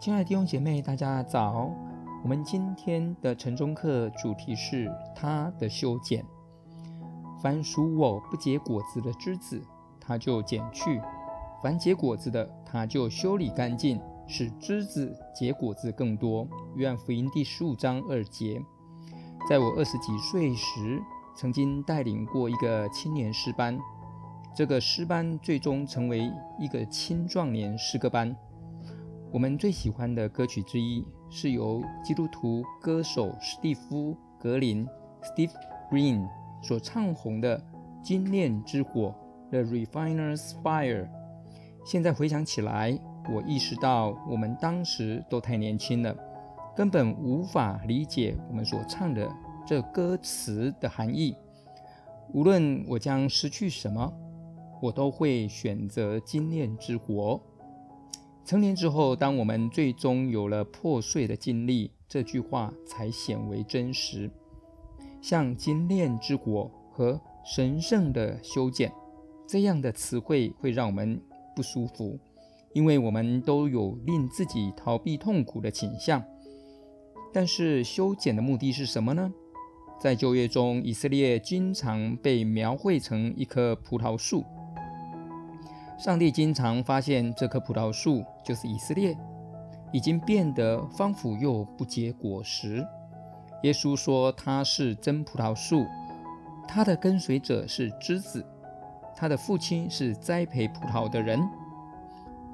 親愛的弟兄姐妹，大家早！我們今天的晨鐘課主題是祂的修剪。凡屬我不結果子的枝子，它就剪去；凡結果子的，它就修理乾淨，使枝子結果子更多。約翰福音第十五章二節。在我二十幾歲時，曾經帶領過一個青年詩班，這個詩班最終成為一個青壯年詩歌班。我們最喜歡的歌曲之一是由基督徒歌手史蒂夫·格林 （Steve Green） 所唱紅的《精煉之火》（The Refiner's Fire）。現在回想起來，我意識到我們當時都太年輕了，根本無法理解我們所唱的這歌詞的含義。無論我將失去什麼，我都會選擇精煉之火。成年之後，當我們最終有了破碎的經歷，這句話才顯為真實。像“精煉之果”和“神聖的修剪”這樣的詞彙，會讓我們不舒服，因為我們都有令自己逃避痛苦的傾向。但是，修剪的目的是什麼呢？在舊約中，以色列經常被描繪成一棵葡萄樹。上帝經常發現這棵葡萄樹就是以色列，已經變得荒蕪又不結果實。耶穌說他是真葡萄樹，他的跟隨者是枝子，他的父親是栽培葡萄的人。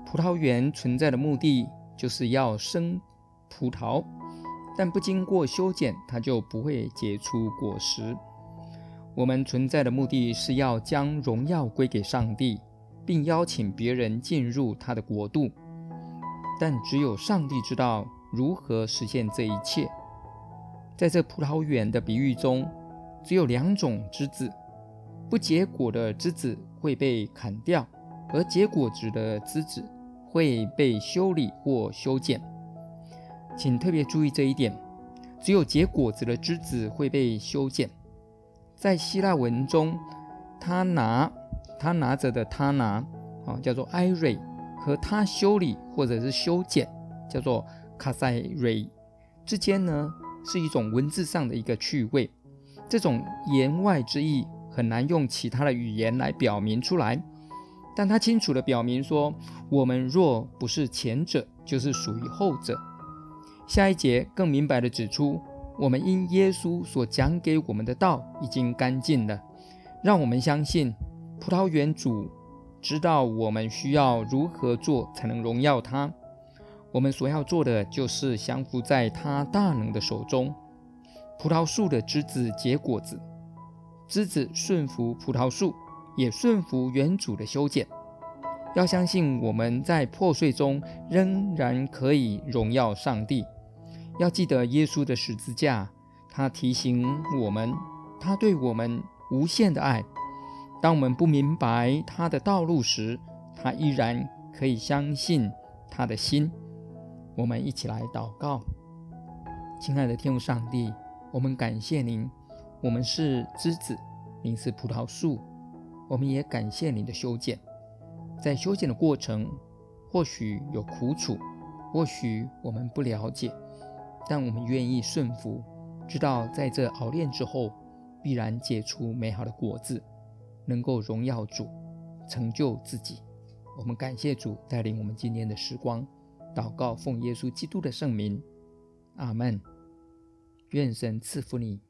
葡萄園存在的目的就是要生葡萄，但不經過修剪，它就不會結出果實。我們存在的目的是要將榮耀歸給上帝。並邀請別人進入他的國度，但只有上帝知道如何實現這一切。在這葡萄園的比喻中，只有兩種枝子：不結果的枝子會被砍掉，而結果子的枝子會被修理或修剪。請特別注意這一點，只有結果子的枝子會被修剪。在希臘文中，他拿。他拿着的，他拿，啊，叫做埃瑞，和他修理或者是修剪，叫做卡塞瑞，之間呢是一種文字上的一個趣味，這種言外之意很難用其他的語言來表明出來，但它清楚地表明說，我們若不是前者，就是屬於後者。下一節更明白地指出，我們因耶穌所講給我們的道已經乾淨了，讓我們相信。葡萄園主知道我們需要如何做才能榮耀他。我們所要做的就是降服在他大能的手中。葡萄樹的枝子結果子，枝子順服葡萄樹，也順服園主的修剪。要相信我們在破碎中仍然可以榮耀上帝。要記得耶穌的十字架，他提醒我們，他對我們無限的愛。當我們不明白他的道路時，他依然可以相信他的心。我們一起來禱告，親愛的天父上帝，我們感謝您。我們是枝子，您是葡萄樹。我們也感謝您的修剪，在修剪的過程，或許有苦楚，或許我們不了解，但我們願意順服，知道在這熬煉之後，必然結出美好的果子。能夠榮耀主，成就自己。我們感謝主帶領我們今天的時光，禱告奉耶穌基督的聖名，阿門。願神賜福你。